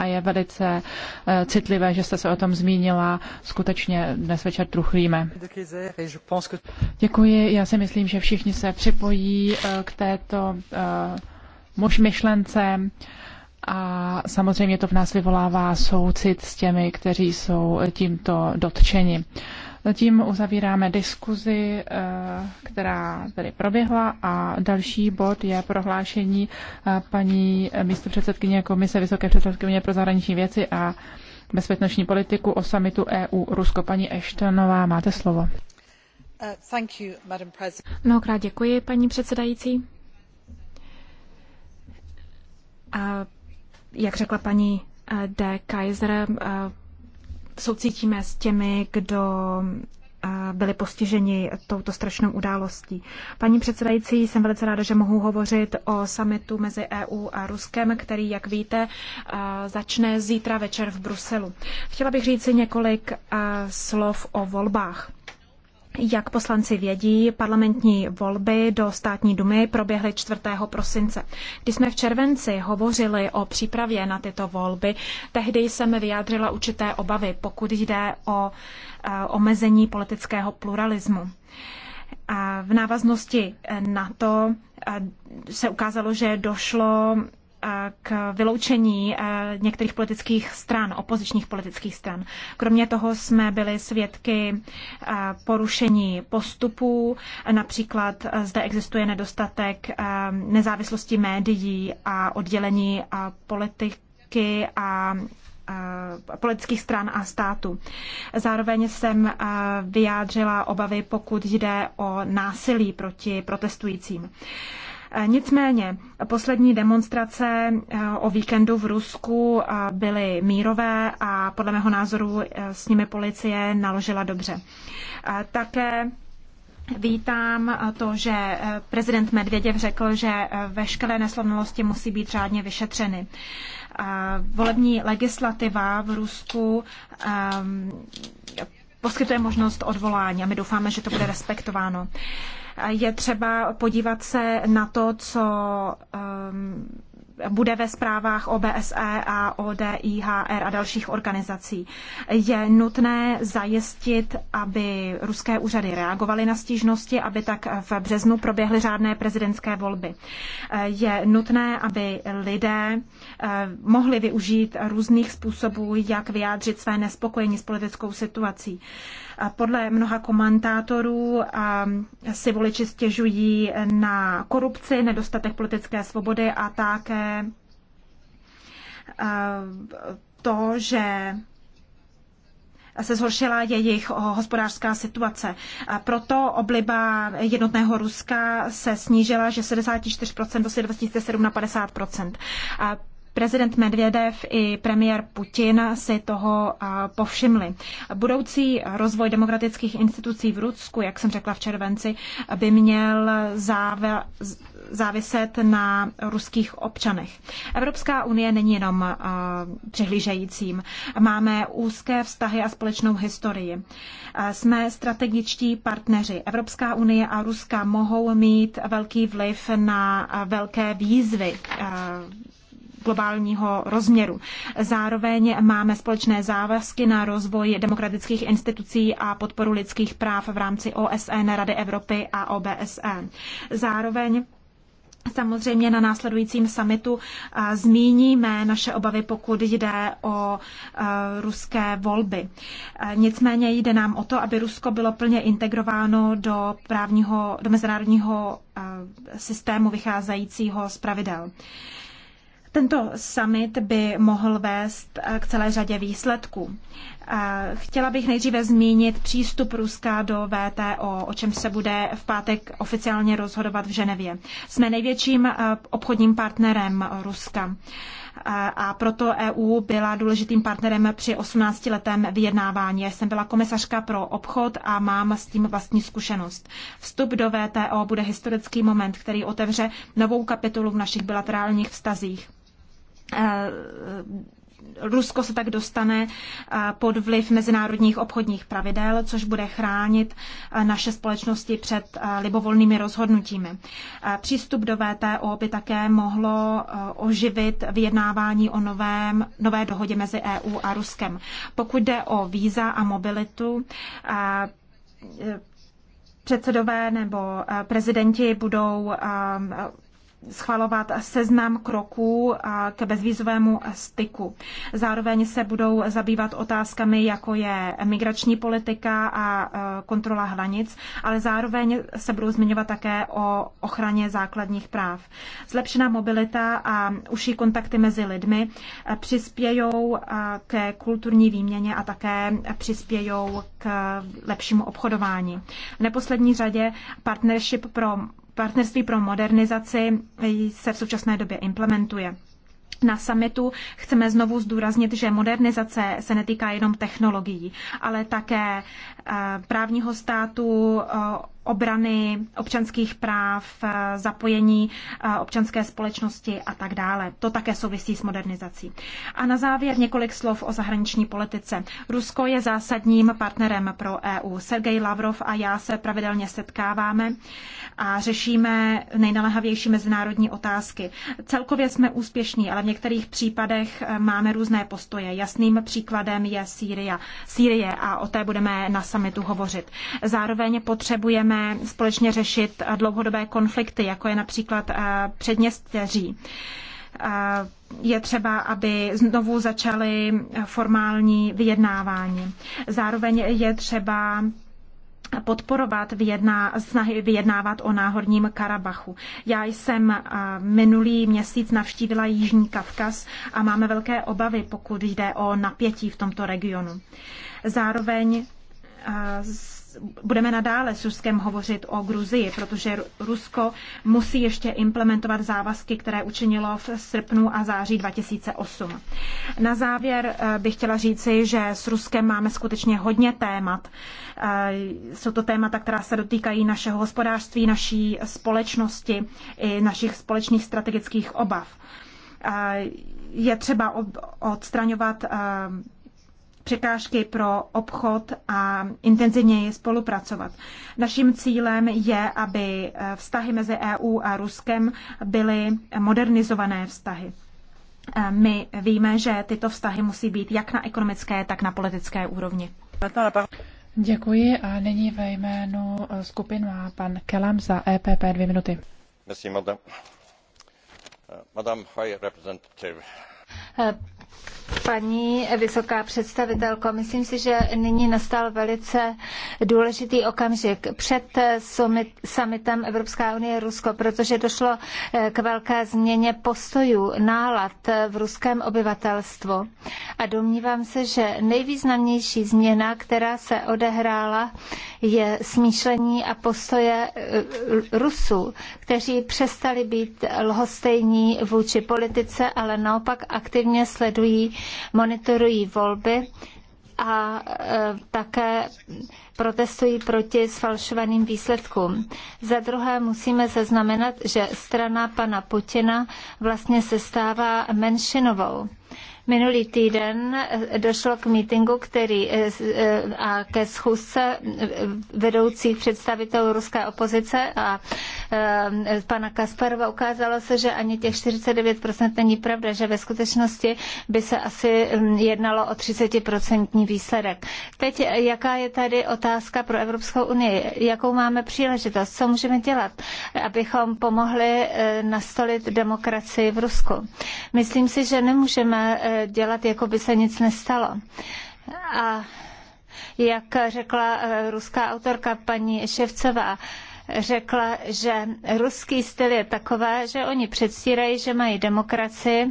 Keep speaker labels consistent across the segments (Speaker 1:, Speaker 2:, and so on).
Speaker 1: a je velice eh, citlivé, že jste se o tom zmínila. Skutečně dnes večer truchlíme. Děkuji. Já si myslím, že všichni se připojí eh, k této eh, muž myšlence a samozřejmě to v nás vyvolává soucit s těmi, kteří jsou tímto dotčeni. Tím uzavíráme diskuzi, eh, která tady proběhla a další bod je prohlášení eh, paní místopředsedkyně Komise Vysoké předsedkyně pro zahraniční věci a bezpečnostní politiku o samitu EU Rusko. Paní Eštonová, máte slovo. Uh, you,
Speaker 2: Mnohokrát děkuji, paní předsedající. A jak řekla paní eh, D. Kaiser, soucítíme s těmi, kdo eh, byli postiženi touto strašnou událostí. Paní předsedající, jsem velice ráda, že mohu hovořit o samitu mezi EU a Ruskem, který, jak víte, eh, začne zítra večer v Bruselu. Chtěla bych říci několik eh, slov o volbách. Jak poslanci vědí, parlamentní volby do státní dumy proběhly 4. prosince. Když jsme v červenci hovořili o přípravě na tyto volby, tehdy jsem vyjádřila určité obavy, pokud jde o eh, omezení politického pluralismu. A v návaznosti na to eh, se ukázalo, že došlo k vyloučení eh, některých politických stran, opozičních politických stran. Kromě toho jsme byli svědky eh, porušení postupů, například eh, zde existuje nedostatek nezávislosti médií a oddělení politiky a politických stran a státu. Zároveň jsem vyjádřila obavy, pokud jde o násilí proti protestujícím. Eh, nicméně poslední demonstrace eh, o víkendu v Rusku eh, byly mírové a podle mého názoru s nimi policie naložila dobře. Také Vítám to, že prezident Medvěděv řekl, že veškeré neslovnosti musí být řádně vyšetřeny. Volební legislativa v Rusku ehm, poskytuje možnost odvolání a my doufáme, že to bude respektováno. Je třeba podívat se na to, co um, bude ve zprávách OBSE a ODIHR a dalších organizací. Je nutné zajistit, aby ruské úřady reagovaly na stížnosti, aby tak v březnu proběhly řádné prezidentské volby. Je nutné, aby lidé eh, mohli využít různých způsobů, jak vyjádřit své nespokojení s politickou situací. A podle mnoha komentátorů si voliči stěžují na korupci, nedostatek politické svobody a také eh, to, že se zhoršila jejich hospodářská situace. A proto obliba jednotného Ruska se snížila, že 74% do 2007 na 50%. A prezident Medvedev i premiér Putin si toho povšimli. Budoucí rozvoj demokratických institucí v Rusku, jak jsem řekla v červenci, by měl záve, záviset na ruských občanech. Evropská unie není jenom přihlížejícím. Máme úzké vztahy a společnou historii. Jsme strategičtí partneři. Evropská unie a Ruska mohou mít velký vliv na velké výzvy globálního rozměru. Zároveň máme společné závazky na rozvoj demokratických institucí a podporu lidských práv v rámci OSN, Rady Evropy a OBSE. Zároveň Samozřejmě na následujícím summitu eh, zmíníme naše obavy, pokud jde o eh, ruské volby. Eh, nicméně jde nám o to, aby Rusko bylo plně integrováno do, právního, do mezinárodního systému vycházejícího z pravidel. Tento summit by mohl vést k celé řadě výsledků. Chtěla bych nejdříve zmínit přístup Ruska do VTO, o čem se bude v pátek oficiálně rozhodovat v Ženevě. Jsme největším eh, obchodním partnerem Ruska a proto EU byla důležitým partnerem při 18-letém vyjednávání. Já jsem byla komisařka pro obchod a mám s tím vlastní zkušenost. Vstup do VTO bude historický moment, který otevře novou kapitolu v našich bilaterálních vztazích eh, Rusko se tak dostane eh, pod vliv mezinárodních obchodních pravidel, což bude chránit eh, naše společnosti před eh, libovolnými rozhodnutími. Přístup do VTO by také mohlo oživit vyjednávání o novém, nové dohodě mezi EU a Ruskem. Pokud jde o víza a mobilitu, předsedové nebo prezidenti budou schvalovat seznam kroků k bezvízovému styku. Zároveň se budou zabývat otázkami, jako je migrační politika a e, kontrola hranic, ale zároveň se budou zmiňovat také o ochraně základních práv. Zlepšená mobilita a užší kontakty mezi lidmi e, přispějou e, ke kulturní výměně a také přispějou k lepšímu obchodování. V neposlední řadě partnership pro partnerství pro modernizaci se v současné době implementuje. Na summitu chceme znovu zdůraznit, že modernizace se netýká jenom technologií, ale také Eh, právního státu, eh, obrany občanských práv, eh, zapojení občanské společnosti a tak dále. To také souvisí s modernizací. A na závěr několik slov o zahraniční politice. Rusko je zásadním partnerem pro EU. Sergej Lavrov a já se pravidelně setkáváme a řešíme nejnalehavější mezinárodní otázky. Celkově jsme úspěšní, ale v některých případech máme různé postoje. Jasným příkladem je Sýria, Sýrie a o té budeme na summitu hovořit. Zároveň potřebujeme společně řešit dlouhodobé konflikty, jako je například eh, předměstěří eh, je třeba, aby znovu začaly formální vyjednávání. Zároveň je třeba podporovat vyjedná, snahy vyjednávat o náhorním Karabachu. Já jsem eh, minulý měsíc navštívila Jižní Kavkaz a máme velké obavy, pokud jde o napětí v tomto regionu. Zároveň budeme nadále s Ruskem hovořit o Gruzii, protože Rusko musí ještě implementovat závazky, které učinilo v srpnu a září 2008. Na závěr eh, bych chtěla říci, že s Ruskem máme skutečně hodně témat. Eh, jsou to témata, která se dotýkají našeho hospodářství, naší společnosti i našich společných strategických obav. Eh, je třeba odstraňovat překážky pro obchod a intenzivněji spolupracovat. Naším cílem je, aby eh, vztahy mezi EU a Ruskem byly modernizované vztahy. Eh, my víme, že tyto vztahy musí být jak na ekonomické, tak na politické úrovni.
Speaker 1: Děkuji a nyní ve jménu eh, skupin má pan Kelam za EPP dvě minuty. Merci, madame. Madame high representative
Speaker 3: paní vysoká představitelko. Myslím si, že nyní nastal velice důležitý okamžik před eh, summitem Evropská unie Rusko, protože došlo eh, k velké změně postojů, nálad eh, v ruském obyvatelstvu. A domnívám se, že nejvýznamnější změna, která se odehrála, je smýšlení a postoje Rusů, kteří přestali být lhostejní vůči politice, ale naopak aktivně sledují monitorují volby a e, také protestují proti sfalšovaným výsledkům. Za druhé musíme zaznamenat, že strana pana Putina vlastně se stává menšinovou. Minulý týden eh, došlo k mítingu, který eh, eh, a ke schůzce vedoucích představitelů ruské opozice a pana Kasparova ukázalo se, že ani těch 49% není pravda, že ve skutečnosti by se asi mm, jednalo o 30% výsledek. Teď jaká je tady otázka pro Evropskou unii? Jakou máme příležitost? Co můžeme dělat, abychom pomohli nastolit demokracii v Rusku? Myslím si, že nemůžeme Eh, dělat, jako by se nic nestalo. A jak řekla eh, ruská autorka paní Ševcová, řekla, že ruský styl je takové, že oni předstírají, že mají demokracii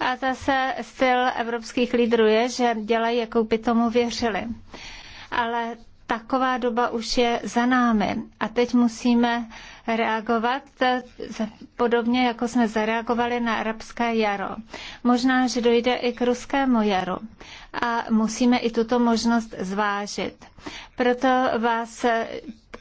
Speaker 3: a zase styl evropských lídrů je, že dělají, jako by tomu věřili. Ale taková doba už je za námi a teď musíme reagovat, eh, podobně jako jsme zareagovali na arabské jaro. Možná, že dojde i k ruskému jaru a musíme i tuto možnost zvážit. Proto vás eh,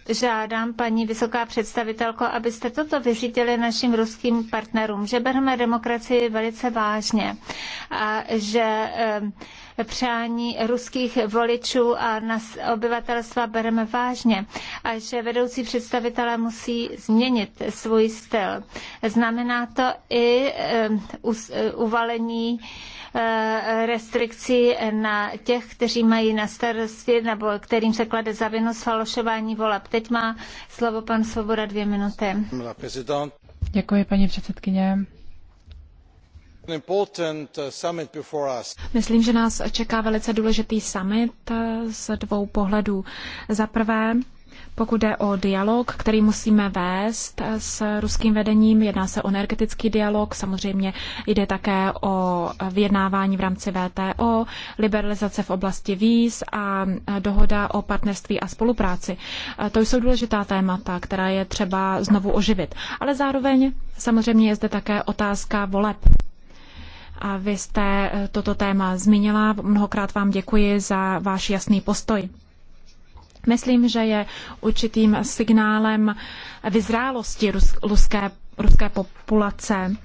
Speaker 3: žádám, paní vysoká představitelko, abyste toto vyřídili našim ruským partnerům, že bereme demokracii velice vážně a že eh, přání ruských voličů a nas, obyvatelstva bereme vážně a že vedoucí představitelé musí změnit svůj styl. Znamená to i uvalení eh, restrikcí na těch, kteří mají na starosti nebo kterým se klade za vinu sfalšování voleb. Teď má slovo pan Svoboda dvě minuty. Děkuji, paní předsedkyně. Uh, Myslím,
Speaker 2: že nás čeká velice důležitý summit uh, z dvou pohledů. Za prvé, pokud jde o dialog, který musíme vést uh, s ruským vedením, jedná se o energetický dialog, samozřejmě jde také o vyjednávání v rámci VTO, liberalizace v oblasti víz a dohoda o partnerství a spolupráci. To jsou důležitá témata, která je třeba znovu oživit. Ale zároveň samozřejmě je zde také otázka voleb a vy jste eh, toto téma zmínila, mnohokrát vám děkuji za váš jasný postoj. Myslím, že je určitým signálem vyzrálosti ruské, ruské populace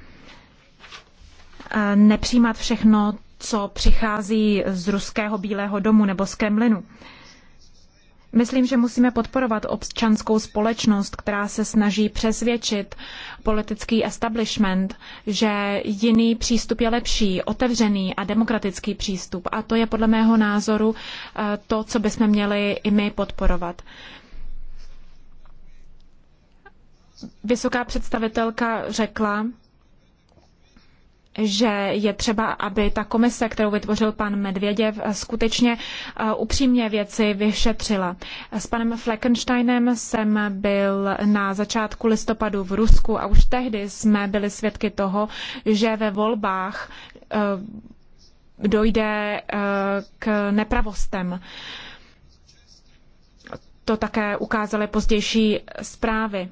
Speaker 2: eh, nepřijímat všechno, co přichází z ruského Bílého domu nebo z Kremlinu. Myslím, že musíme podporovat občanskou společnost, která se snaží přesvědčit politický establishment, že jiný přístup je lepší, otevřený a demokratický přístup. A to je podle mého názoru eh, to, co bychom měli i my podporovat. Vysoká představitelka řekla, že je třeba, aby ta komise, kterou vytvořil pan Medvěděv, skutečně uh, upřímně věci vyšetřila. S panem Fleckensteinem jsem byl na začátku listopadu v Rusku a už tehdy jsme byli svědky toho, že ve volbách uh, dojde uh, k nepravostem. To také ukázaly pozdější zprávy.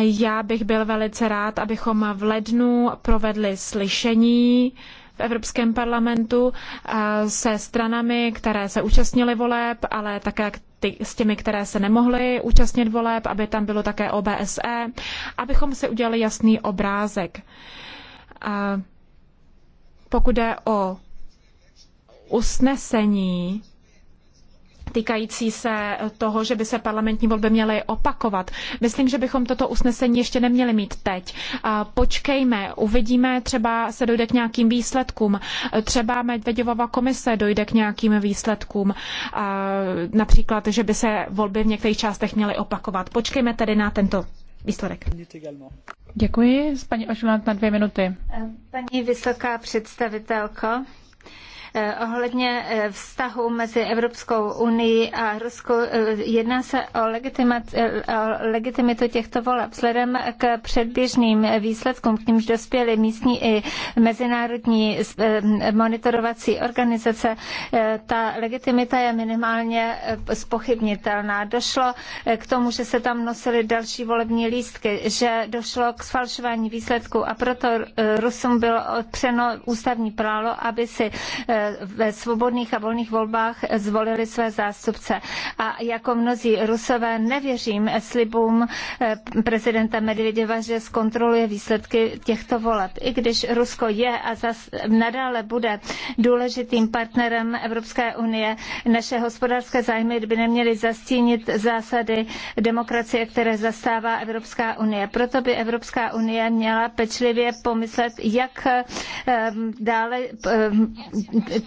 Speaker 2: Já bych byl velice rád, abychom v lednu provedli slyšení v Evropském parlamentu eh, se stranami, které se účastnily voleb, ale také s těmi, které se nemohly účastnit voleb, aby tam bylo také OBSE, abychom si udělali jasný obrázek. Pokud jde o usnesení týkající se toho, že by se parlamentní volby měly opakovat. Myslím, že bychom toto usnesení ještě neměli mít teď. Počkejme, uvidíme, třeba se dojde k nějakým výsledkům. Třeba Medvedevova komise dojde k nějakým výsledkům. Například, že by se volby v některých částech měly opakovat. Počkejme tedy na tento výsledek.
Speaker 1: Děkuji. Paní Ožulant na dvě minuty.
Speaker 3: Paní vysoká představitelko, Eh, ohledně eh, vztahu mezi Evropskou unii a Rusko eh, Jedná se o, o legitimitu těchto voleb. Vzhledem k předběžným výsledkům, k nímž dospěly místní i mezinárodní monitorovací organizace, ta legitimita je minimálně spochybnitelná. Došlo k tomu, že se tam nosily další volební lístky, že došlo k sfalšování výsledků a proto Rusům bylo odpřeno ústavní právo, aby si ve svobodných a volných volbách zvolili své zástupce. A jako mnozí Rusové nevěřím slibům eh, prezidenta Medvedeva, že zkontroluje výsledky těchto voleb. I když Rusko je a zas nadále bude důležitým partnerem Evropské unie, naše hospodářské zájmy by neměly zastínit zásady demokracie, které zastává Evropská unie. Proto by Evropská unie měla pečlivě pomyslet, jak eh, dále eh,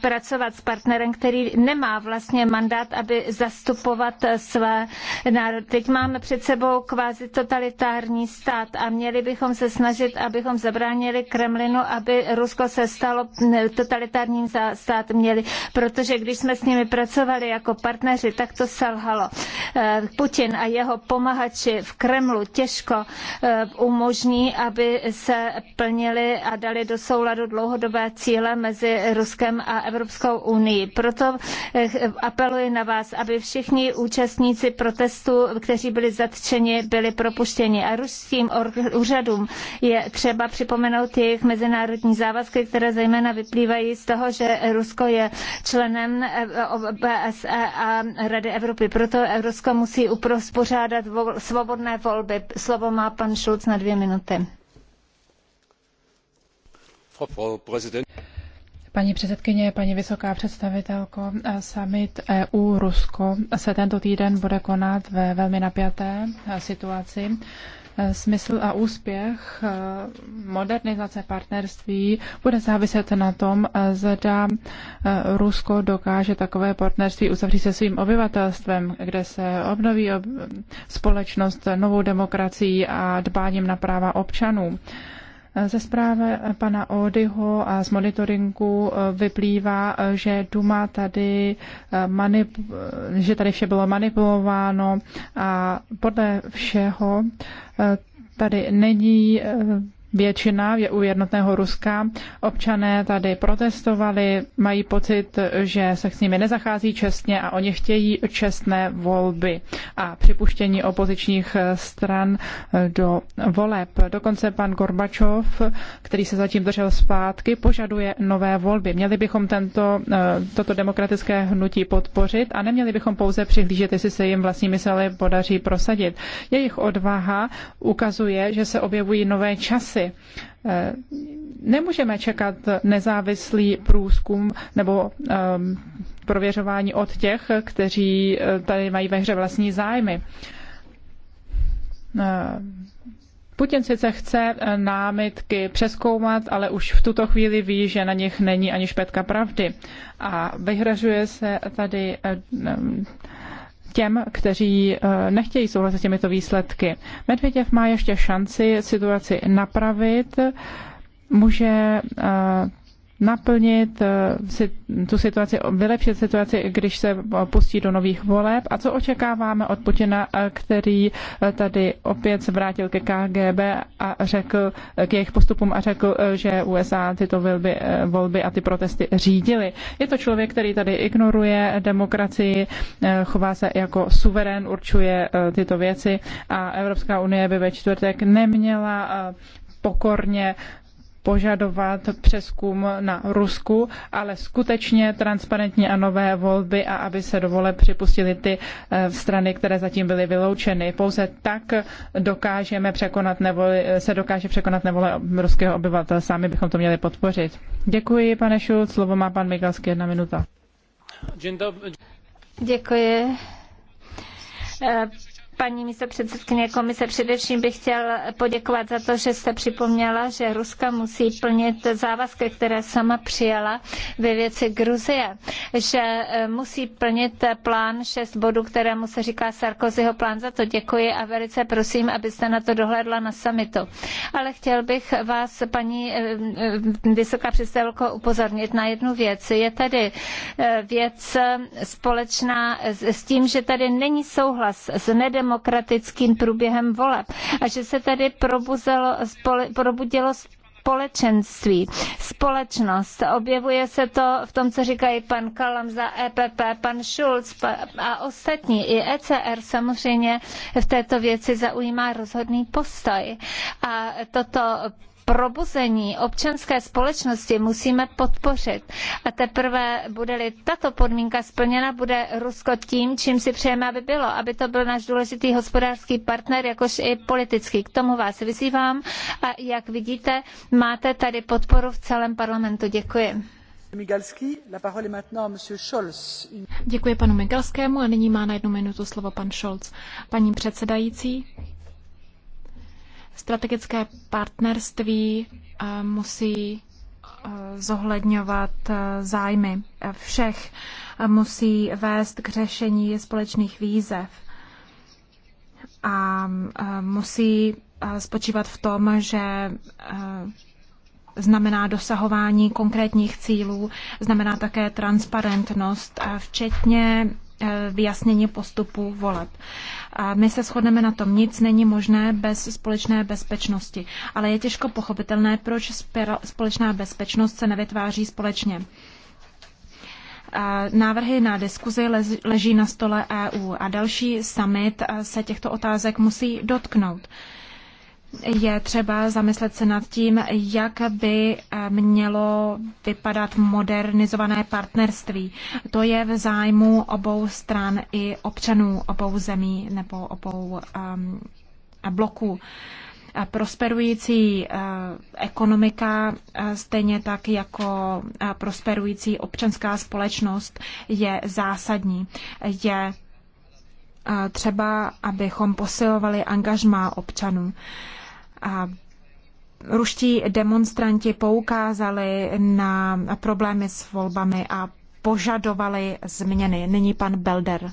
Speaker 3: pracovat s partnerem, který nemá vlastně mandát, aby zastupovat své národy. Teď máme před sebou kvázi totalitární stát a měli bychom se snažit, abychom zabránili Kremlinu, aby Rusko se stalo totalitárním státem měli, protože když jsme s nimi pracovali jako partneři, tak to selhalo. Eh, Putin a jeho pomahači v Kremlu těžko eh, umožní, aby se plnili a dali do souladu dlouhodobé cíle mezi Ruskem a a Evropskou unii. Proto eh, apeluji na vás, aby všichni účastníci protestu, kteří byli zatčeni, byli propuštěni. A ruským úřadům je třeba připomenout jejich mezinárodní závazky, které zejména vyplývají z toho, že Rusko je členem eh, OBSE a Rady Evropy. Proto Rusko musí uspořádat svobodné volby. Slovo má pan Schulz na dvě minuty. Paní
Speaker 1: předsedkyně, paní vysoká představitelko, eh, summit EU-Rusko se tento týden bude konat ve velmi napjaté eh, situaci. Eh, smysl a úspěch modernizace partnerství bude záviset na tom, zda Rusko dokáže takové partnerství uzavřít se svým obyvatelstvem, kde se obnoví společnost novou demokracií a dbáním na práva občanů. Ze zprávy pana Odyho a z monitoringu eh, vyplývá, eh, že Duma tady, eh, manip, že tady vše bylo manipulováno a podle všeho tady není většina je u jednotného Ruska. Občané tady protestovali, mají pocit, že se s nimi nezachází čestně a oni chtějí čestné volby a připuštění opozičních stran do voleb. Dokonce pan Gorbačov, který se zatím držel zpátky, požaduje nové volby. Měli bychom tento, toto demokratické hnutí podpořit a neměli bychom pouze přihlížet, jestli se jim vlastními sily podaří prosadit. Jejich odvaha ukazuje, že se objevují nové časy věci. Eh, nemůžeme čekat nezávislý průzkum nebo ehm, prověřování od těch, kteří eh, tady mají ve hře vlastní zájmy. Eh, Putin sice chce námitky přeskoumat, ale už v tuto chvíli ví, že na nich není ani špetka pravdy. A vyhražuje se tady ehm, těm, kteří eh, nechtějí souhlasit s těmito výsledky. Medvěděv má ještě šanci situaci napravit, může eh, naplnit eh, si, tu situaci, vylepšit situaci, když se eh, pustí do nových voleb. A co očekáváme od Putina, eh, který tady opět se vrátil ke KGB a řekl k jejich postupům a řekl, že USA tyto volby, volby a ty protesty řídily. Je to člověk, který tady ignoruje demokracii, chová se jako suverén, určuje tyto věci a Evropská unie by ve čtvrtek neměla pokorně požadovat přeskum na Rusku, ale skutečně transparentní a nové volby a aby se dovole připustili ty eh, strany, které zatím byly vyloučeny. Pouze tak dokážeme překonat nevoli, eh, se dokáže překonat nevole ruského obyvatel. Sami bychom to měli podpořit. Děkuji, pane Šulc. Slovo má pan Migalský, jedna minuta.
Speaker 3: Děkuji. Eh, paní místo předsedkyně komise, především bych chtěl poděkovat za to, že jste připomněla, že Ruska musí plnit závazky, které sama přijala ve věci Gruzie, že eh, musí plnit plán šest bodů, kterému se říká Sarkozyho plán. Za to děkuji a velice prosím, abyste na to dohlédla na summitu. Ale chtěl bych vás, paní eh, eh, vysoká představitelko, upozornit na jednu věc. Je tady věc společná s tím, že tady není souhlas s nedemokratickým demokratickým průběhem voleb a že se tady probuzelo, spole, probudilo společenství, společnost. Objevuje se to v tom, co říkají pan Kalam za EPP, pan Schulz a ostatní. I ECR samozřejmě v této věci zaujímá rozhodný postoj. A toto probuzení občanské společnosti musíme podpořit. A teprve bude-li tato podmínka splněna, bude Rusko tím, čím si přejeme, aby bylo, aby to byl náš důležitý hospodářský partner, jakož i politický. K tomu vás vyzývám a jak vidíte, máte tady podporu v celém parlamentu. Děkuji. Děkuji panu Migalskému a nyní má na jednu minutu slovo
Speaker 2: pan Scholz. Paní předsedající, Strategické partnerství eh, musí eh, zohledňovat eh, zájmy všech, musí vést k řešení společných výzev a musí spočívat v tom, že znamená dosahování konkrétních cílů, znamená také transparentnost, včetně Eh, vyjasnění postupu voleb. A my se shodneme na tom, nic není možné bez společné bezpečnosti, ale je těžko pochopitelné, proč společná bezpečnost se nevytváří společně. Návrhy na diskuzi leží na stole EU a další summit eh, se těchto otázek musí dotknout je třeba zamyslet se nad tím, jak by eh, mělo vypadat modernizované partnerství. To je v zájmu obou stran i občanů obou zemí nebo obou um, bloků. Prosperující eh, ekonomika, stejně tak jako prosperující občanská společnost, je zásadní. Je třeba, abychom posilovali angažmá občanů ruští demonstranti poukázali na problémy s volbami a požadovali změny. Nyní pan Belder.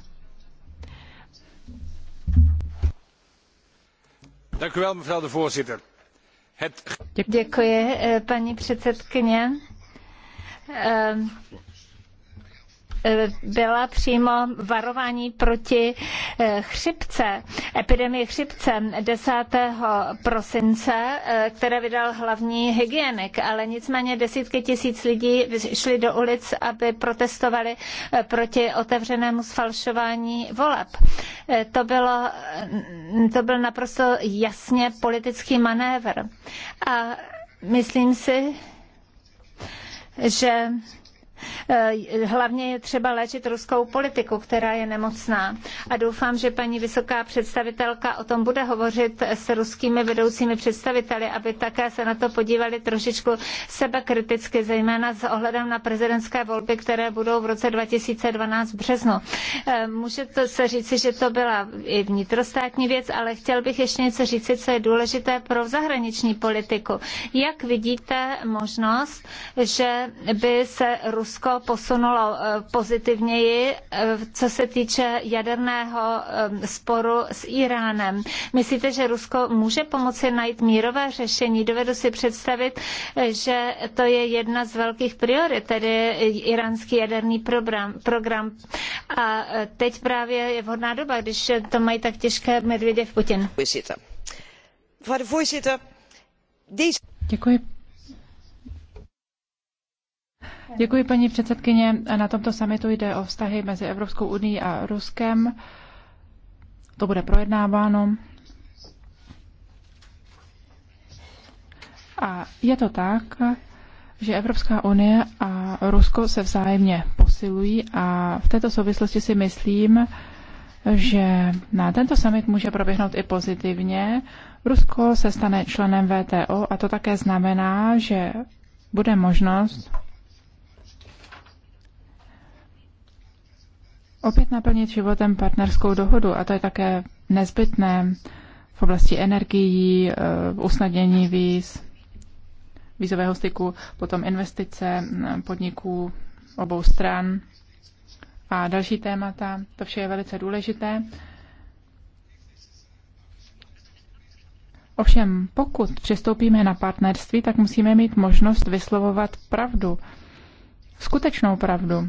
Speaker 3: Děkuji, eh, paní předsedkyně eh, Eh, byla přímo varování proti eh, chřipce, epidemii chřipce 10. prosince, eh, které vydal hlavní hygienik, ale nicméně desítky tisíc lidí šli do ulic, aby protestovali proti otevřenému sfalšování voleb. To, bylo, to byl naprosto jasně politický manévr. A myslím si, že Eh, hlavně je třeba léčit ruskou politiku, která je nemocná. A doufám, že paní vysoká představitelka o tom bude hovořit s ruskými vedoucími představiteli, aby také se na to podívali trošičku sebekriticky, zejména s ohledem na prezidentské volby, které budou v roce 2012 v březnu. Eh, může to se říci, že to byla i vnitrostátní věc, ale chtěl bych ještě něco říci, co je důležité pro zahraniční politiku. Jak vidíte možnost, že by se Rus Rusko posunulo eh, pozitivněji, eh, co se týče jaderného eh, sporu s Iránem. Myslíte, že Rusko může pomoci najít mírové řešení? Dovedu si představit, že to je jedna z velkých priorit, tedy iránský jaderný program. program. A teď právě je vhodná doba, když to mají tak těžké Medvěděv Putin. Děkuji, Děkuji,
Speaker 1: paní předsedkyně. Na tomto samitu jde o vztahy mezi Evropskou unii a Ruskem. To bude projednáváno. A je to tak, že Evropská unie a Rusko se vzájemně posilují a v této souvislosti si myslím, že na tento summit může proběhnout i pozitivně. Rusko se stane členem VTO a to také znamená, že bude možnost opět naplnit životem partnerskou dohodu a to je také nezbytné v oblasti energií, eh, usnadnění víz, vízového styku, potom investice eh, podniků obou stran a další témata. To vše je velice důležité. Ovšem, pokud přistoupíme na partnerství, tak musíme mít možnost vyslovovat pravdu, skutečnou pravdu.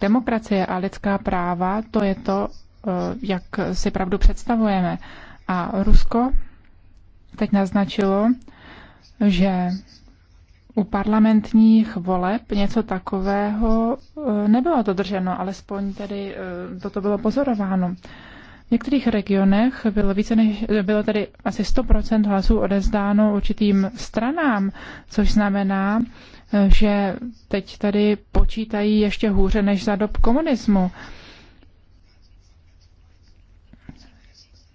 Speaker 1: Demokracie a lidská práva, to je to, eh, jak si pravdu představujeme. A Rusko teď naznačilo, že u parlamentních voleb něco takového eh, nebylo dodrženo, alespoň tedy eh, toto bylo pozorováno. V některých regionech bylo, více než, bylo tedy asi 100% hlasů odezdáno určitým stranám, což znamená, že teď tady počítají ještě hůře než za dob komunismu.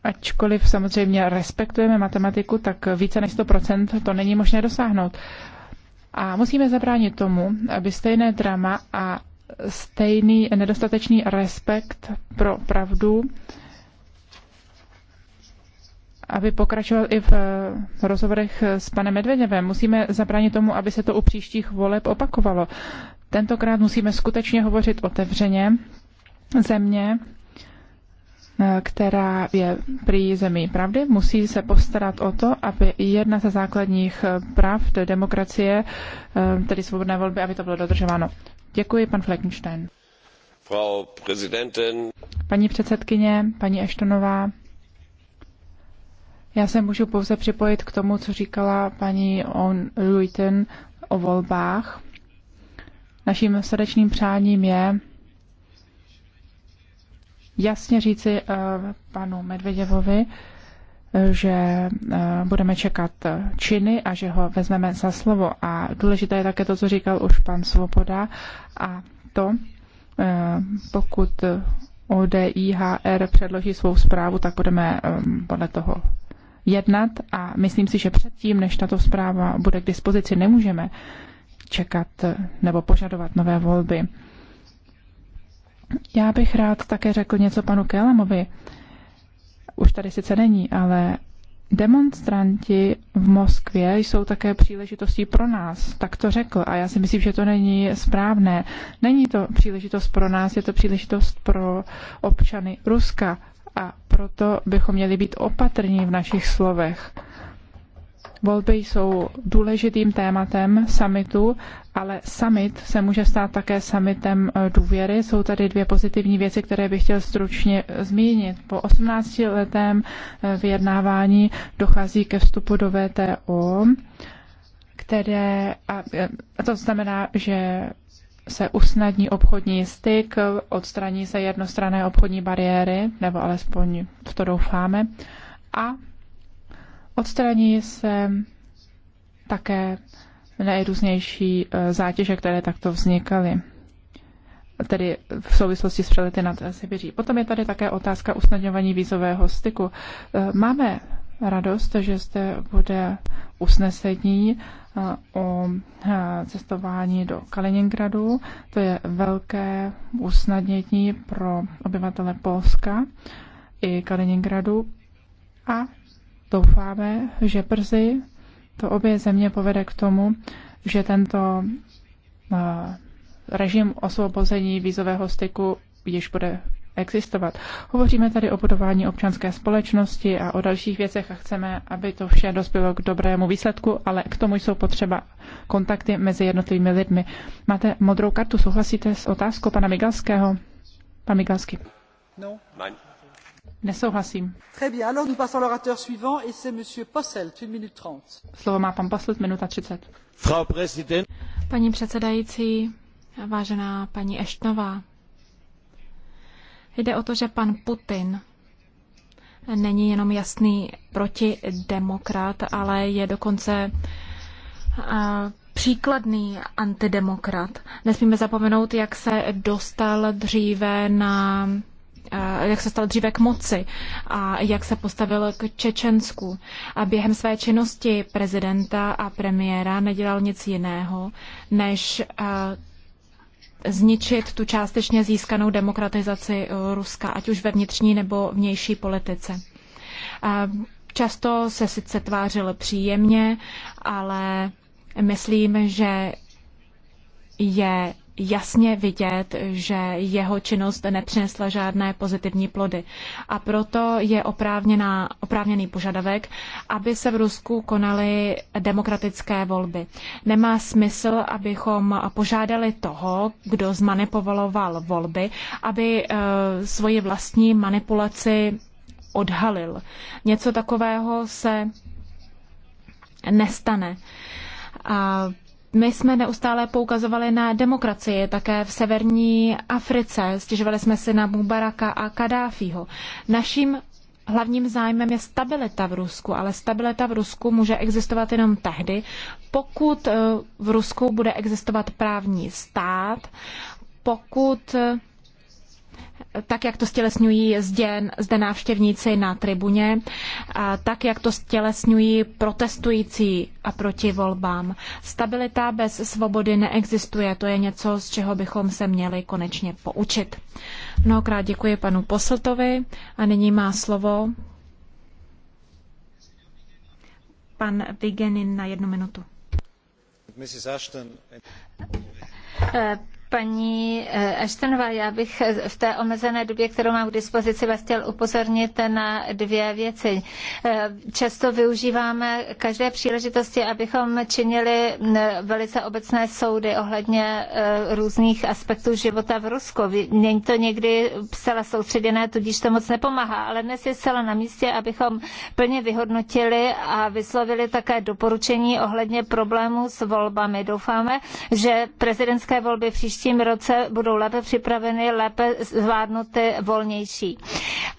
Speaker 1: Ačkoliv samozřejmě respektujeme matematiku, tak více než 100% to není možné dosáhnout. A musíme zabránit tomu, aby stejné drama a stejný nedostatečný respekt pro pravdu aby pokračoval i v eh, rozhovorech s panem Medvedevem. Musíme zabránit tomu, aby se to u příštích voleb opakovalo. Tentokrát musíme skutečně hovořit otevřeně. Země, eh, která je prý zemí pravdy, musí se postarat o to, aby jedna ze základních eh, práv demokracie, tedy svobodné volby, aby to bylo dodržováno. Děkuji, pan Fleckenstein. Frau Paní předsedkyně, paní Eštonová, já se můžu pouze připojit k tomu, co říkala paní On Ruiten o volbách. Naším srdečným přáním je jasně říci eh, panu Medvěděvovi, že eh, budeme čekat eh, činy a že ho vezmeme za slovo. A důležité je také to, co říkal už pan Svoboda a to, pokud ODIHR předloží svou zprávu, tak budeme podle toho jednat a myslím si, že předtím, než tato zpráva bude k dispozici, nemůžeme čekat eh, nebo požadovat nové volby. Já bych rád také řekl něco panu Kelemovi. Už tady sice není, ale demonstranti v Moskvě jsou také příležitostí pro nás, tak to řekl. A já si myslím, že to není správné. Není to příležitost pro nás, je to příležitost pro občany Ruska. A proto bychom měli být opatrní v našich slovech. Volby jsou důležitým tématem summitu, ale summit se může stát také summitem eh, důvěry. Jsou tady dvě pozitivní věci, které bych chtěl stručně zmínit. Po 18 letém eh, vyjednávání dochází ke vstupu do VTO, které, eh, a to znamená, že se usnadní obchodní styk, odstraní se jednostranné obchodní bariéry, nebo alespoň v to doufáme, a odstraní se také nejrůznější eh, zátěže, které takto vznikaly tedy v souvislosti s přelety nad Sibiří. Potom je tady také otázka usnadňování vízového styku. Eh, máme radost, že zde bude usnesení eh, o eh, cestování do Kaliningradu. To je velké usnadnění pro obyvatele Polska i Kaliningradu a doufáme, že brzy to obě země povede k tomu, že tento eh, režim osvobození vízového styku již bude existovat. Hovoříme tady o budování občanské společnosti a o dalších věcech a chceme, aby to vše dospělo k dobrému výsledku, ale k tomu jsou potřeba kontakty mezi jednotlivými lidmi. Máte modrou kartu, souhlasíte s otázkou pana Migalského? Pan Migalský. No. Nesouhlasím. Slovo má pan Posselt, minuta 30.
Speaker 2: Frau Paní předsedající, vážená paní Eštnová, Jde o to, že pan Putin není jenom jasný protidemokrat, ale je dokonce příkladný antidemokrat. Nesmíme zapomenout, jak se dostal dříve na jak se stal dříve k moci a jak se postavil k Čečensku. A během své činnosti prezidenta a premiéra nedělal nic jiného, než zničit tu částečně získanou demokratizaci eh, Ruska, ať už ve vnitřní nebo vnější politice. Často se sice tvářil příjemně, ale myslím, že je jasně vidět, že jeho činnost nepřinesla žádné pozitivní plody. A proto je oprávněná, oprávněný požadavek, aby se v Rusku konaly demokratické volby. Nemá smysl, abychom požádali toho, kdo zmanipuloval volby, aby e, svoji vlastní manipulaci odhalil. Něco takového se nestane. A my jsme neustále poukazovali na demokracii také v severní Africe. Stěžovali jsme si na Mubaraka a Kadáfího. Naším hlavním zájmem je stabilita v Rusku, ale stabilita v Rusku může existovat jenom tehdy, pokud eh, v Rusku bude existovat právní stát, pokud eh, tak jak to stělesňují zde, zde návštěvníci na tribuně, a tak jak to stělesňují protestující a proti volbám. Stabilita bez svobody neexistuje, to je něco, z čeho bychom se měli konečně poučit. Mnohokrát děkuji panu Posltovi a nyní má slovo pan Vigenin na jednu minutu. Mrs. Ashton. Uh,
Speaker 3: Paní eh, Ashtonová, já bych eh, v té omezené době, kterou mám k dispozici, vás chtěl upozornit na dvě věci. Eh, často využíváme každé příležitosti, abychom činili velice obecné soudy ohledně různých aspektů života v Rusku. Není to někdy zcela soustředěné, tudíž to moc nepomáhá, ale dnes je zcela na místě, abychom plně vyhodnotili a vyslovili také doporučení ohledně problémů s volbami. Doufáme, že prezidentské volby příští příštím roce budou lépe připraveny, lépe zvládnuty, volnější.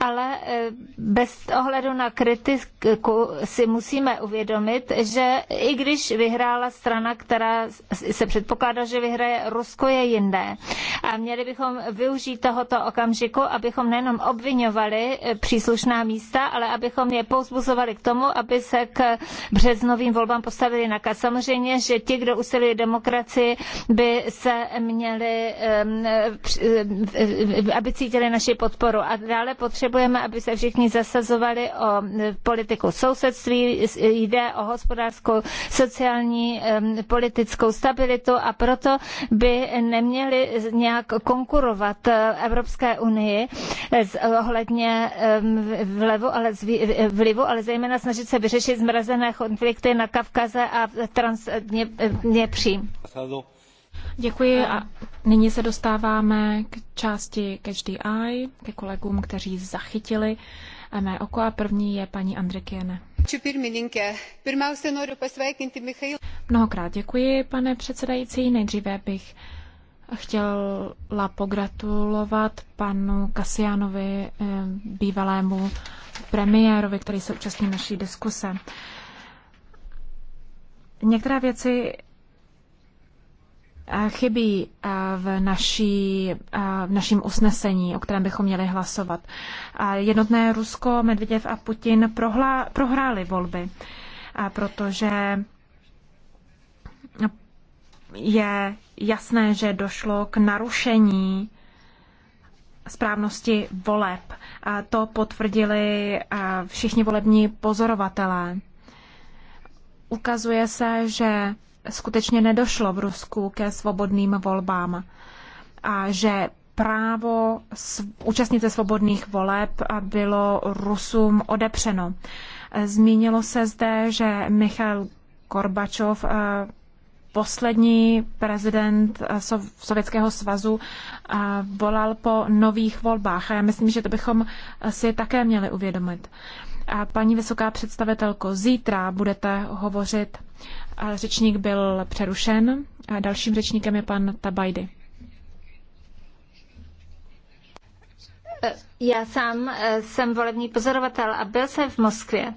Speaker 3: Ale eh, bez ohledu na kritiku si musíme uvědomit, že i když vyhrála strana, která se předpokládá, že vyhraje, Rusko je jindé. A měli bychom využít tohoto okamžiku, abychom nejenom obvinovali eh, příslušná místa, ale abychom je pouzbuzovali k tomu, aby se k březnovým volbám postavili na Samozřejmě, že ti, kdo usilují demokracii, by se mě měli, aby cítili naši podporu. A dále potřebujeme, aby se všichni zasazovali o e, politiku sousedství, jde o hospodářskou, sociální, politickou stabilitu a proto by neměli nějak konkurovat e, Evropské unii e, ohledně vlevu, ale vlivu, ale zejména snažit se vyřešit zmrazené konflikty na Kavkaze a v Transdněpří. Děkuji a nyní se
Speaker 2: dostáváme k části Eye, ke kolegům, kteří zachytili mé oko a první je paní Andrikiene. Mnohokrát děkuji, pane předsedající. Nejdříve bych chtěla pogratulovat panu Kasianovi, eh, bývalému premiérovi, který se účastní naší diskuse. Některé věci chybí v, naší, v naším usnesení, o kterém bychom měli hlasovat. Jednotné Rusko, Medvěděv a Putin prohlá, prohráli volby, protože je jasné, že došlo k narušení správnosti voleb. A to potvrdili všichni volební pozorovatelé. Ukazuje se, že skutečně nedošlo v Rusku ke svobodným volbám a že právo účastnice svobodných voleb bylo Rusům odepřeno. Zmínilo se zde, že Michal Korbačov, eh, poslední prezident eh, Sovětského svazu, eh, volal po nových volbách. A já myslím, že to bychom si také měli uvědomit. A paní vysoká představitelko, zítra budete hovořit Řečník byl přerušen. A dalším řečníkem je pan Tabajdy.
Speaker 3: Já sám eh, jsem volební pozorovatel a byl jsem v Moskvě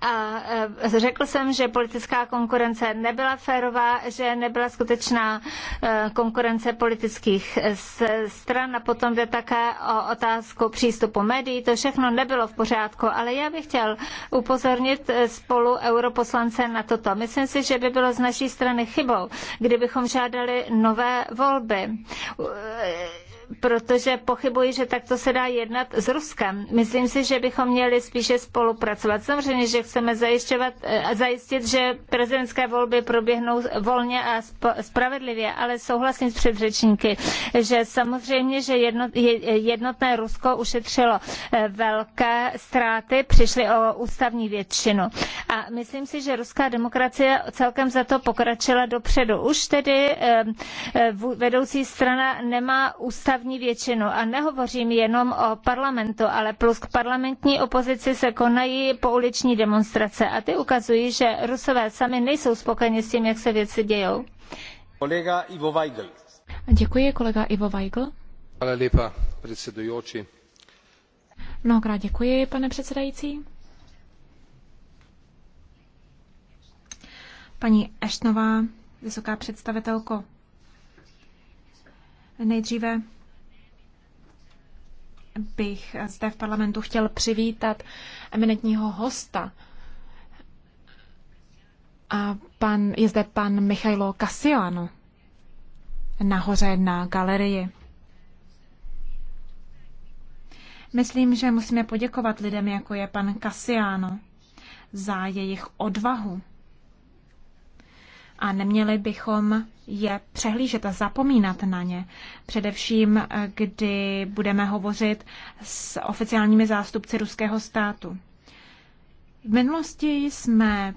Speaker 3: a e, řekl jsem, že politická konkurence nebyla férová, že nebyla skutečná e, konkurence politických stran a potom jde také o otázku přístupu médií. To všechno nebylo v pořádku, ale já bych chtěl upozornit e, spolu europoslance na toto. Myslím si, že by bylo z naší strany chybou, kdybychom žádali nové volby protože pochybuji, že takto se dá jednat s Ruskem. Myslím si, že bychom měli spíše spolupracovat. Samozřejmě, že chceme zajišťovat, eh, zajistit, že prezidentské volby proběhnou volně a spravedlivě, ale souhlasím s předřečníky, že samozřejmě, že jednotné Rusko ušetřilo eh, velké ztráty, přišli o ústavní většinu. A myslím si, že ruská demokracie celkem za to pokračila dopředu. Už tedy eh, vedoucí strana nemá ústavní ústavní většinu. A nehovořím jenom o parlamentu, ale plus k parlamentní opozici se konají pouliční demonstrace. A ty ukazují, že rusové sami nejsou spokojeni s tím, jak se věci dějou. Kolega Ivo Weigl. Děkuji, kolega Ivo Weigl. Hvala lepa, predsedujoči. Mnohokrát děkuji, pane
Speaker 2: předsedající. Paní Eštnová, vysoká představitelko. Nejdříve bych zde v parlamentu chtěl přivítat eminentního hosta. A pan, je zde pan Michailo Cassiano nahoře na galerii. Myslím, že musíme poděkovat lidem, jako je pan Cassiano, za jejich odvahu a neměli bychom je přehlížet a zapomínat na ně. Především, eh, kdy budeme hovořit s oficiálními zástupci ruského státu. V minulosti jsme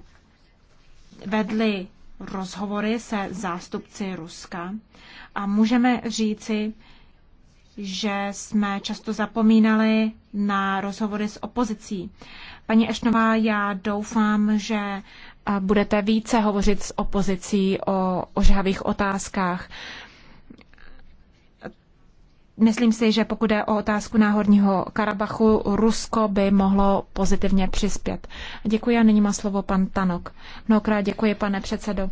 Speaker 2: vedli rozhovory se zástupci Ruska a můžeme říci, že jsme často zapomínali na rozhovory s opozicí. Paní Ešnová, já doufám, že budete více hovořit s opozicí o ožhavých otázkách. Myslím si, že pokud je o otázku náhorního Karabachu, Rusko by mohlo pozitivně přispět. Děkuji a nyní má slovo pan Tanok. Mnohokrát děkuji, pane předsedo.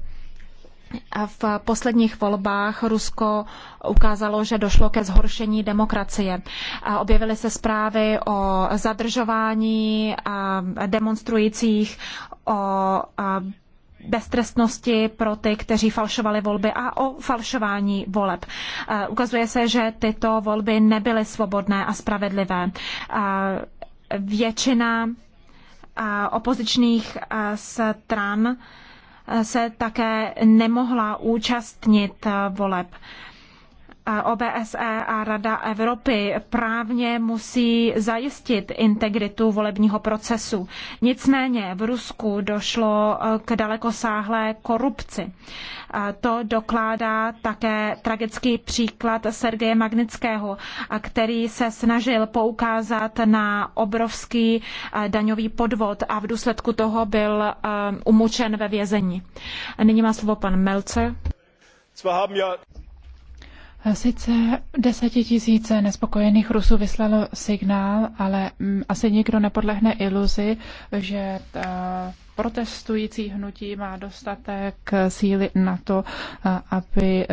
Speaker 2: V posledních volbách Rusko ukázalo, že došlo ke zhoršení demokracie. Objevily se zprávy o zadržování demonstrujících, o beztrestnosti pro ty, kteří falšovali volby a o falšování voleb. Ukazuje se, že tyto volby nebyly svobodné a spravedlivé. Většina opozičních stran se také nemohla účastnit voleb. OBSE a Rada Evropy právně musí zajistit integritu volebního procesu. Nicméně v Rusku došlo eh, k dalekosáhlé korupci. To dokládá také tragický příklad Sergeje Magnického, který se snažil poukázat na obrovský eh, daňový podvod a v důsledku toho byl eh, umučen ve vězení. Nyní má slovo pan Melce.
Speaker 1: Sice desetitisíce nespokojených Rusů vyslalo signál, ale mm, asi nikdo nepodlehne iluzi, že protestující hnutí má dostatek síly na to, aby e,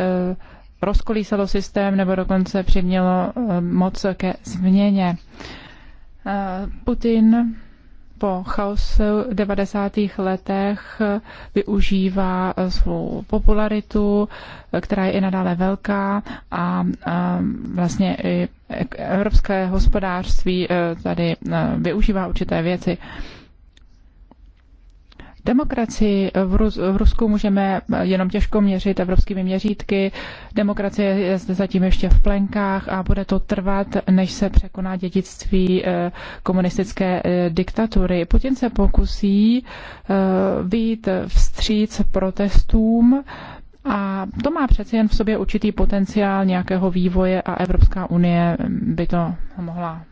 Speaker 1: rozkolísalo systém nebo dokonce přimělo e, moc ke změně. E, Putin po chaosu 90. letech využívá eh, svou popularitu, eh, která je i nadále velká a eh, vlastně i e- evropské hospodářství tady využívá určité věci. Demokracii v, Rus, v Rusku můžeme jenom těžko měřit evropskými měřítky. Demokracie je zde zatím ještě v plenkách a bude to trvat, než se překoná dědictví eh, komunistické eh, diktatury. Putin se pokusí být eh, vstříc protestům. A to má přeci jen v sobě určitý potenciál nějakého vývoje a Evropská unie by to mohla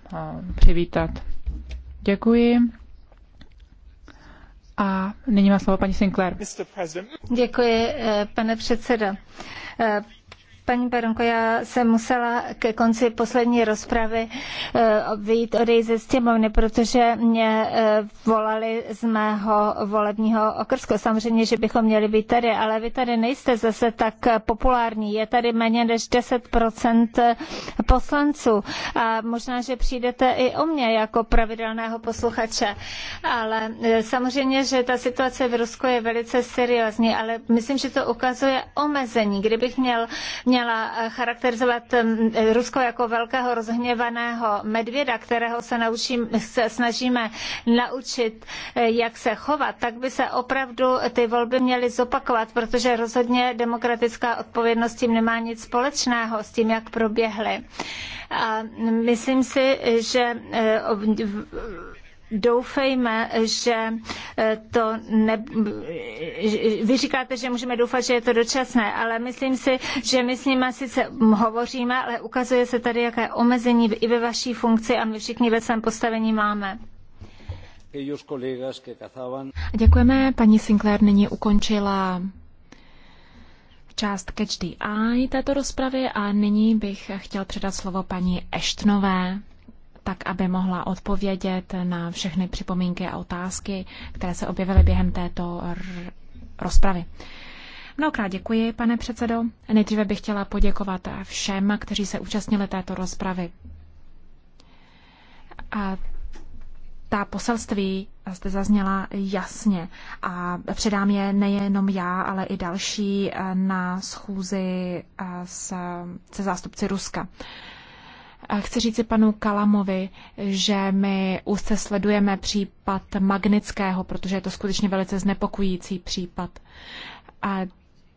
Speaker 1: přivítat. Děkuji.
Speaker 3: A nyní má slovo paní Sinclair. Děkuji, eh, pane předsedo. Eh, Paní Baronko, já jsem musela ke konci poslední rozpravy eh, vyjít odejít ze sněmovny, protože mě eh, volali z mého volebního okrsku. Samozřejmě, že bychom měli být tady, ale vy tady nejste zase tak populární. Je tady méně než 10% eh, poslanců a možná, že přijdete i o mě jako pravidelného posluchače. Ale samozřejmě, že ta situace v Rusku je velice seriózní, ale myslím, že to ukazuje omezení. Kdybych měl, měl měla eh, charakterizovat eh, Rusko jako velkého rozhněvaného medvěda, kterého se, naučím, se snažíme naučit, eh, jak se chovat, tak by se opravdu ty volby měly zopakovat, protože rozhodně demokratická odpovědnost tím nemá nic společného s tím, jak proběhly. A myslím si, že doufejme, že eh, to ne... Vy říkáte, že můžeme doufat, že je to dočasné, ale myslím si, že my s nimi sice hovoříme, ale ukazuje se tady, jaké omezení i ve vaší funkci a my všichni ve svém postavení máme.
Speaker 2: Děkujeme. Paní Sinclair nyní ukončila část Catch the Eye této rozpravy a nyní bych chtěl předat slovo paní Eštnové tak aby mohla odpovědět na všechny připomínky a otázky, které se objevily během této rozpravy. Mnohokrát děkuji, pane předsedo. Nejdříve bych chtěla poděkovat všem, kteří se účastnili této rozpravy. A ta poselství zde zazněla jasně a předám je nejenom já, ale i další na schůzi se zástupci Ruska. Chci říci panu Kalamovi, že my úzce sledujeme případ Magnického, protože je to skutečně velice znepokojící případ. A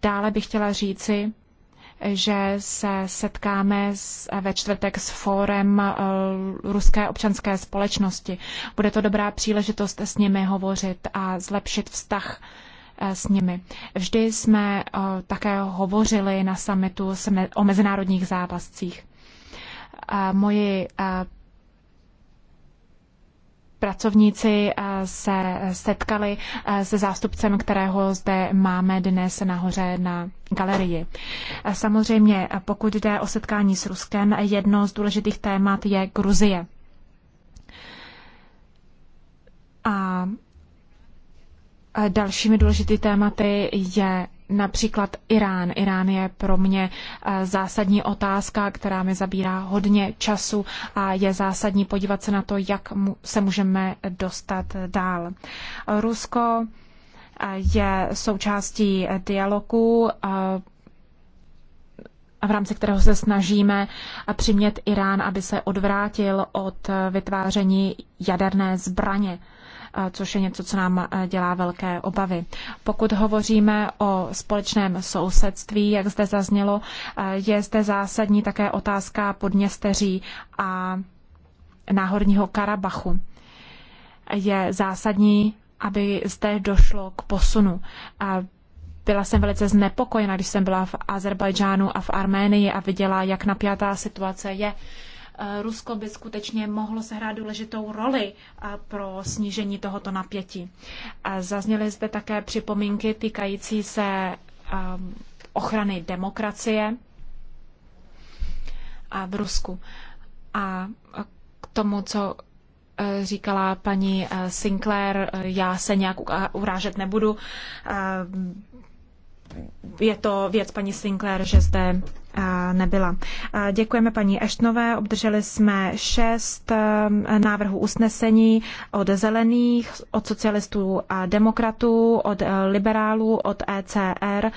Speaker 2: dále bych chtěla říci, že se setkáme ve čtvrtek s fórem eh, ruské občanské společnosti. Bude to dobrá příležitost s nimi hovořit a zlepšit vztah eh, s nimi. Vždy jsme eh, také hovořili na summitu o mezinárodních závazcích moji pracovníci se setkali se zástupcem, kterého zde máme dnes nahoře na galerii. Samozřejmě, pokud jde o setkání s Ruskem, jedno z důležitých témat je Gruzie. A dalšími důležitými tématy je například Irán. Irán je pro mě eh, zásadní otázka, která mi zabírá hodně času a je zásadní podívat se na to, jak se můžeme dostat dál. Rusko eh, je součástí dialogu eh, v rámci kterého se snažíme přimět Irán, aby se odvrátil od vytváření jaderné zbraně což je něco, co nám eh, dělá velké obavy. Pokud hovoříme o společném sousedství, jak zde zaznělo, eh, je zde zásadní také otázka podměsteří a náhorního Karabachu. Je zásadní, aby zde došlo k posunu byla jsem velice znepokojena, když jsem byla v Azerbajdžánu a v Arménii a viděla, jak napjatá situace je. Eh, Rusko by skutečně mohlo sehrát důležitou roli eh, pro snížení tohoto napětí. Zazněly zde také připomínky týkající se eh, ochrany demokracie v Rusku. A k tomu, co říkala paní Sinclair, já se nějak urážet nebudu. Je to věc paní Sinclair, že zde nebyla. Děkujeme paní Eštnové, obdrželi jsme šest um, návrhů usnesení od zelených, od socialistů a demokratů, od eh, liberálů, od ECR,